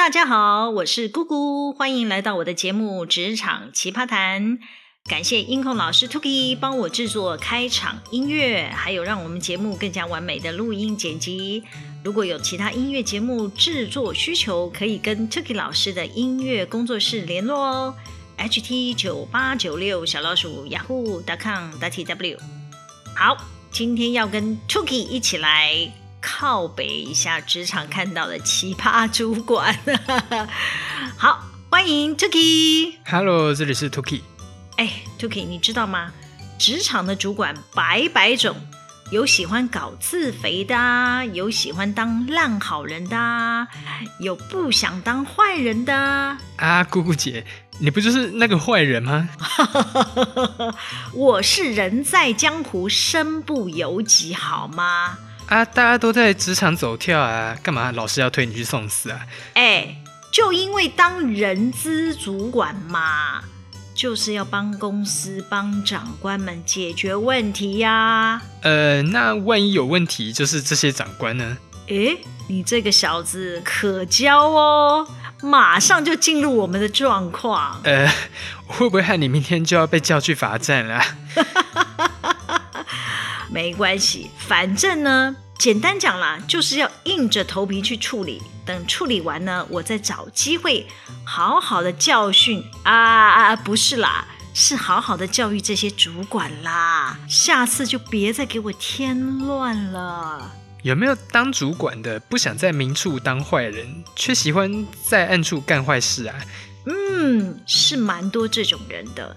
大家好，我是 Gugu，歡迎來到我的節目《職場奇葩談》。感謝音控老師 Tokey 幫我制作開場音樂，還有讓我們節目更加完美的錄音剪輯。如果有其他音樂節目制作需求，可以跟 Tokey 老師的音樂工作室聯絡哦。ht9896 小老鼠 yahoo.com.tw。好，今天要跟 Tokey 一起來。靠北一下，職場看到的奇葩主管。 好，歡迎 Tokey。Hello，這裡是 Tokey。哎，Tokey，你知道嗎？職場的主管百百種，有喜歡搞自肥的，有喜歡當爛好人的，有不想當壞人的。啊，姑姑姐，你不就是那個壞人嗎？ 我是人在江湖，身不由己，好嗎？啊，大家都在職場走跳啊，幹嘛老是要推你去送死啊？哎、欸，就因為當人資主管嘛，就是要幫公司、幫長官們解決問題呀、啊。呃，那萬一有問題，就是這些長官呢？哎、欸，你這個小子可教哦，馬上就進入我們的狀況。呃，會不會害你明天就要被叫去罰站了、啊？ 沒關係，反正呢，簡單講啦，就是要硬着頭皮去處理。等處理完呢，我再找機會好好的教訓啊啊！不是啦，是好好的教育這些主管啦。下次就別再給我添亂了。有沒有當主管的不想在明處當壞人，卻喜歡在暗處幹壞事啊？嗯，是蠻多這種人的。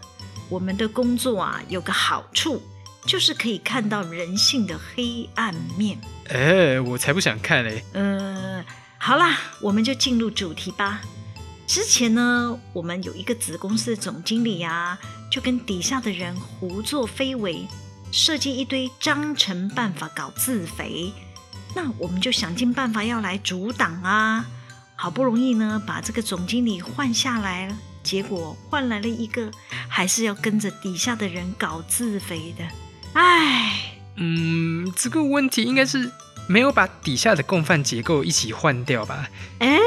我們的工作啊，有個好處。就是可以看到人性的黑暗面。哎、欸，我才不想看嘞、欸。嗯，好啦，我們就進入主題吧。之前呢，我們有一個子公司的總經理呀、啊，就跟底下的人胡作非為，設計一堆章程辦法搞自肥。那我們就想盡辦法要來阻擋啊。好不容易呢，把這個總經理換下來了，結果換來了一個還是要跟着底下的人搞自肥的。哎，嗯，這個問題應該是沒有把底下的共犯結構一起換掉吧？哎，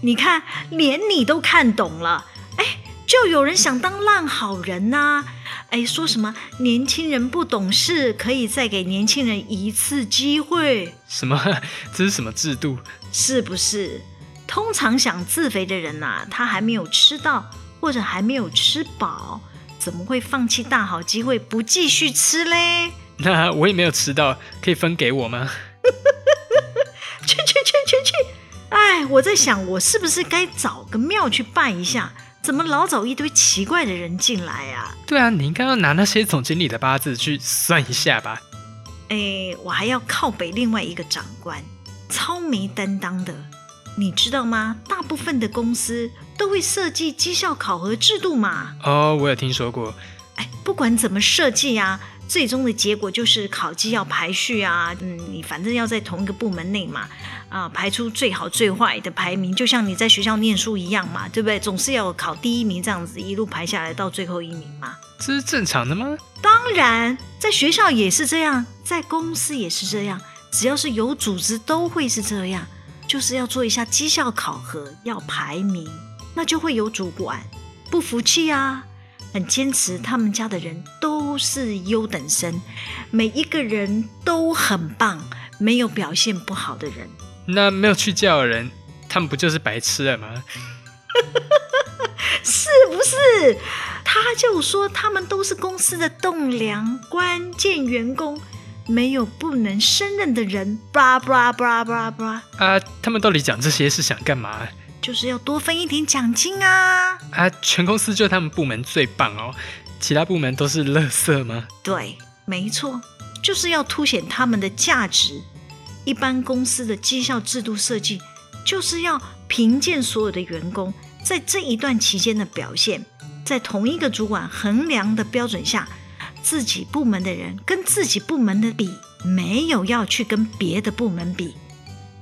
你看，連你都看懂了，哎，就有人想當爛好人吶，哎，說什麼年輕人不懂事，可以再給年輕人一次機會？什麼？這是什麼制度？是不是？通常想自肥的人吶，他還沒有吃到，或者還沒有吃飽。怎麼會放棄大好機會不繼續吃嘞？那我也沒有吃到，可以分給我嗎？去 去去去去！哎，我在想，我是不是該找個廟去拜一下？怎麼老找一堆奇怪的人進來呀、啊？對啊，你應該要拿那些總經理的八字去算一下吧。哎，我還要靠北另外一個長官，超沒擔當的。你知道嗎？大部分的公司都會設計績效考核制度嘛？哦，oh, 我也聽說過。哎，不管怎麼設計啊，最終的結果就是考績要排序啊。嗯，你反正要在同一個部門內嘛，啊、呃，排出最好最壞的排名，就像你在學校唸書一樣嘛，對不對？總是要考第一名這樣子，一路排下來到最後一名嘛。這是正常的嗎？當然，在學校也是這樣，在公司也是這樣，只要是有組織，都會是這樣。就是要做一下績效考核，要排名，那就會有主管不服氣啊，很堅持他們家的人都是優等生，每一個人都很棒，沒有表現不好的人。那沒有去叫人，他們不就是白痴了嗎？ 是不是？他就說他們都是公司的棟梁，關鍵員工。沒有不能勝任的人啊！他們到底講這些是想幹嘛？就是要多分一點獎金啊！啊，全公司就他們部門最棒哦，其他部門都是垃圾嗎？對，沒錯，就是要凸顯他們的價值。一般公司的績效制度設計，就是要評鑑所有的員工在這一段期間的表現，在同一個主管衡量的標準下。自己部門的人跟自己部門的比，沒有要去跟別的部門比。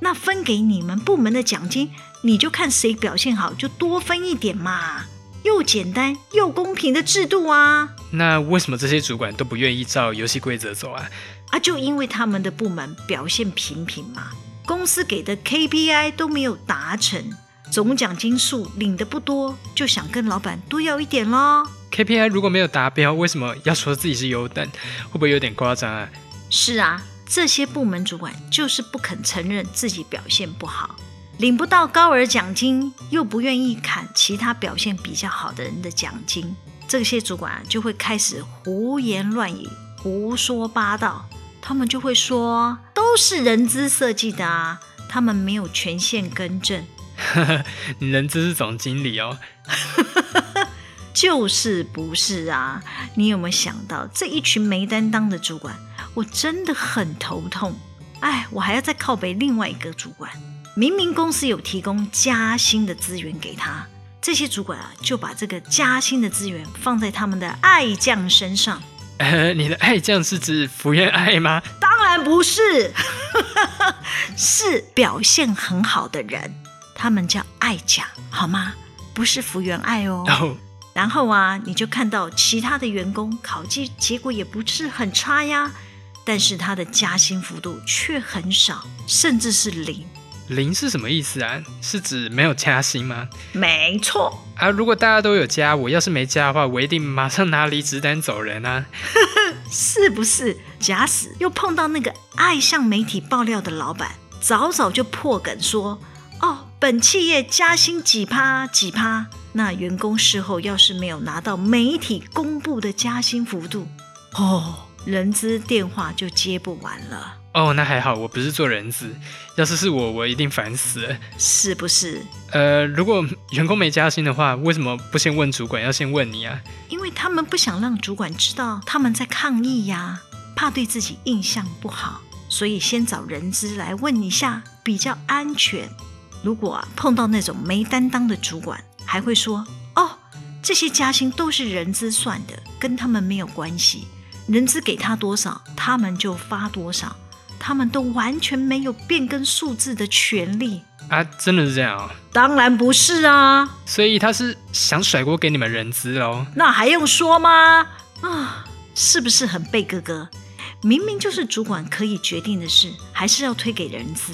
那分給你們部門的獎金，你就看誰表現好，就多分一點嘛。又簡單又公平的制度啊。那為什麼這些主管都不願意照遊戲規則走啊？啊，就因為他們的部門表現平平嘛，公司給的 KPI 都沒有達成，總獎金數領的不多，就想跟老闆多要一點咯。KPI 如果沒有達標，為什麼要說自己是優等？會不會有點誇張啊？是啊，這些部門主管就是不肯承認自己表現不好，領不到高額獎金，又不願意砍其他表現比較好的人的獎金，這些主管啊，就會開始胡言亂語、胡說八道。他們就會說都是人資設計的啊，他們沒有權限更正。 你人資是總經理哦。 就是不是啊？你有沒有想到這一群沒擔當的主管？我真的很頭痛。哎，我還要再靠北另外一個主管。明明公司有提供加薪的資源給他，這些主管啊，就把這個加薪的資源放在他們的愛將身上，呃。你的愛將是指福原愛嗎？當然不是， 是表現很好的人，他們叫愛將，好嗎？不是福原愛哦。Oh. 然後啊，你就看到其他的員工考績結果也不是很差呀，但是他的加薪幅度卻很少，甚至是零。零是什麼意思啊？是指沒有加薪嗎？沒錯。啊，如果大家都有加，我要是沒加的話，我一定馬上拿離職單走人啊。 是不是？假死？又碰到那個愛向媒體爆料的老闆，早早就破梗說，哦，本企業加薪幾趴幾趴。那員工事後要是沒有拿到媒體公布的加薪幅度，哦，人資電話就接不完了。哦，那還好，我不是做人資，要是是我，我一定煩死了，是不是？呃，如果員工沒加薪的話，為什麼不先問主管？要先問你啊？因為他們不想讓主管知道他們在抗議呀、啊，怕對自己印象不好，所以先找人資來問一下比較安全。如果啊，碰到那種沒擔當的主管，還會說哦，這些加薪都是人資算的，跟他們沒有關係。人資給他多少，他們就發多少，他們都完全沒有變更數字的權利啊！真的是這樣啊，哦？當然不是啊！所以他是想甩鍋給你們人資哦。那還用說嗎？啊，是不是很貝哥哥？明明就是主管可以決定的事，還是要推給人資？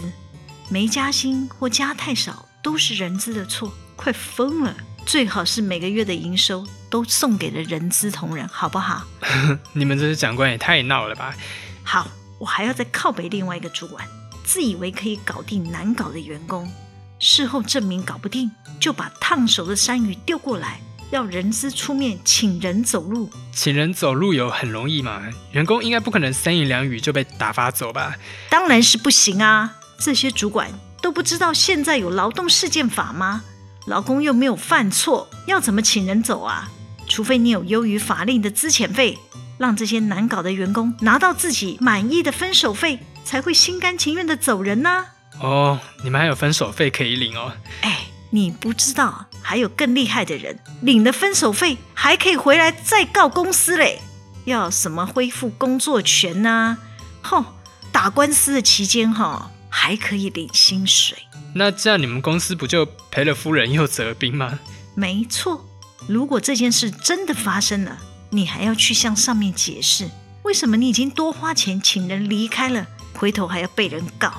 沒加薪或加太少，都是人資的錯。快瘋了！最好是每個月的營收都送給了人資同仁，好不好？ 你們這些長官也太鬧了吧！好，我還要再靠北另外一個主管，自以為可以搞定難搞的員工，事後證明搞不定，就把燙手的山芋丟過來，要人資出面請人走路。請人走路有很容易嗎？員工應該不可能三言兩語就被打發走吧？當然是不行啊！這些主管都不知道現在有勞動事件法嗎？勞工又沒有犯錯，要怎麼請人走啊？除非你有優於法令的資遣費，讓這些難搞的員工拿到自己滿意的分手費，才會心甘情願的走人呢、啊。哦，oh, 你們還有分手費可以領哦。哎，你不知道還有更厲害的人，領了分手費還可以回來再告公司嘞，要什麼恢復工作權呢、啊？吼、哦，打官司的期間哈、哦。還可以領薪水，那這樣你們公司不就賠了夫人又折兵嗎？沒錯，如果這件事真的發生了，你還要去向上面解釋為什麼你已經多花錢請人離開了，回頭還要被人告。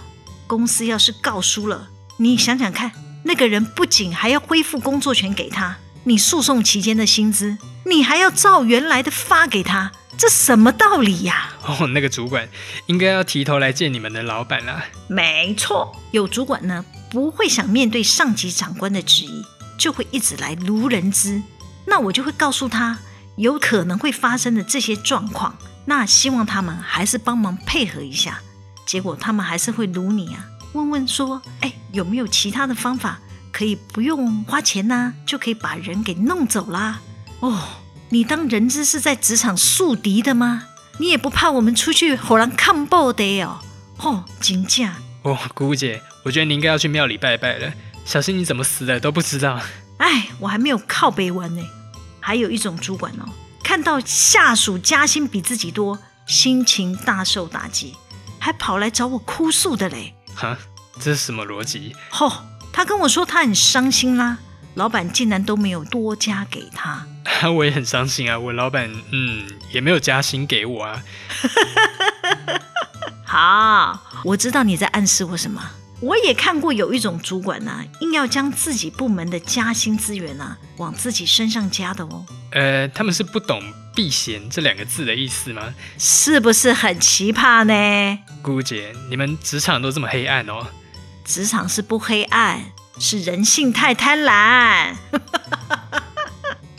公司要是告輸了，你想想看，那個人不僅還要恢復工作權給他，你訴訟期間的薪資你還要照原來的發給他。這什麼道理呀？啊？哦，那個主管應該要提頭來見你們的老闆啦。沒錯，有主管呢，不會想面對上級長官的質疑，就會一直來盧人知。那我就會告訴他有可能會發生的這些狀況，那希望他們還是幫忙配合一下。結果他們還是會盧你啊，問問說，哎，有沒有其他的方法可以不用花錢呢？啊，就可以把人給弄走啦？哦。你當人質是在職場樹敵的嗎？你也不怕我們出去吼狼抗暴的哦？吼，真假？哦，姑姑姐，我覺得你應該要去廟裡拜拜了，小心你怎麼死的都不知道。哎，我還沒有靠北完呢。還有一種主管哦、喔，看到下屬加薪比自己多，心情大受打擊，還跑來找我哭訴的嘞。哼，這是什麼邏輯？吼、哦，他跟我說他很傷心啦，老板竟然都沒有多加給他。啊，我也很傷心啊！我老闆，嗯，也沒有加薪給我啊。 好，我知道你在暗示我什麼。我也看過有一種主管呢、啊，硬要將自己部門的加薪資源呢、啊，往自己身上加的哦。呃，他們是不懂“避嫌”這兩個字的意思嗎？是不是很奇葩呢？姑姐，你們職場都這麼黑暗哦？職場是不黑暗，是人性太貪婪。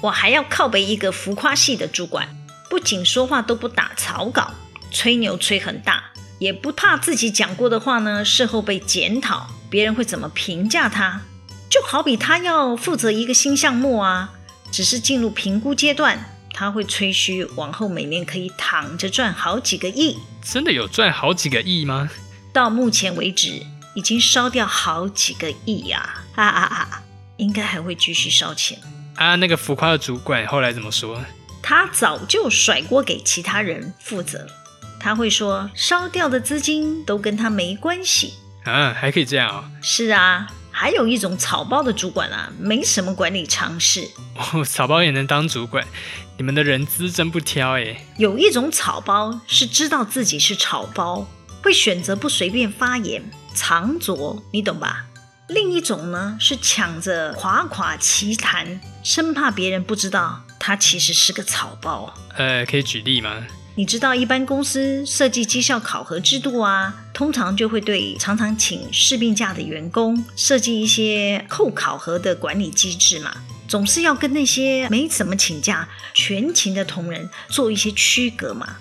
我還要靠北一個浮誇系的主管，不僅說話都不打草稿，吹牛吹很大，也不怕自己講過的話呢，事後被檢討，別人會怎麼評價他？就好比他要負責一個新項目啊，只是進入評估階段，他會吹噓往後每年可以躺着賺好幾個億。真的有賺好幾個億嗎？到目前為止已經燒掉好幾個億呀、啊！啊啊啊！應該還會繼續燒錢。啊，那個浮誇的主管後來怎麼說？他早就甩鍋給其他人負責，他會說燒掉的資金都跟他沒關係。啊，還可以這樣啊、哦？是啊，還有一種草包的主管啊，沒什麼管理常識、哦。草包也能當主管？你們的人資真不挑哎。有一種草包是知道自己是草包，會選擇不隨便發言，藏拙，你懂吧？另一種呢，是搶着誇誇其談，生怕別人不知道他其實是個草包。呃，可以舉例嗎？你知道一般公司設計績效考核制度啊，通常就會對常常請事病假的員工設計一些扣考核的管理機制嘛，總是要跟那些沒怎麼請假全勤的同仁做一些區隔嘛。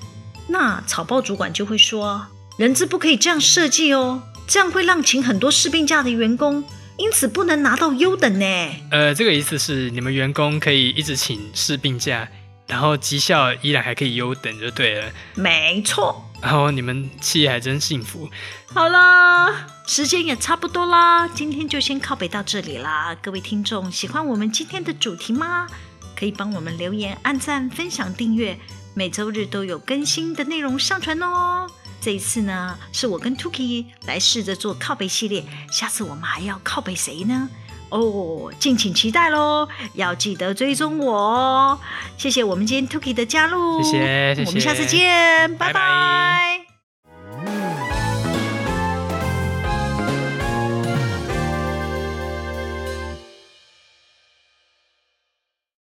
那草包主管就會說：“人資不可以這樣設計哦。”這樣會讓請很多事病假的員工，因此不能拿到優等耶。呃，這個意思是你們員工可以一直請事病假，然後績效依然還可以優等就對了。沒錯。然後你們企業還真幸福。好啦，時間也差不多啦，今天就先靠北到這裡啦。各位聽眾，喜歡我們今天的主題嗎？可以幫我們留言、按讚、分享、訂閱，每周日都有更新的內容上傳哦。這一次呢，是我跟 Tokey 來試着做靠北系列。下次我們還要靠北誰呢？哦，敬請期待嘍！要記得追蹤我哦。謝謝我們今天 Tokey 的加入，謝謝，謝謝，我們下次見，拜拜。拜拜。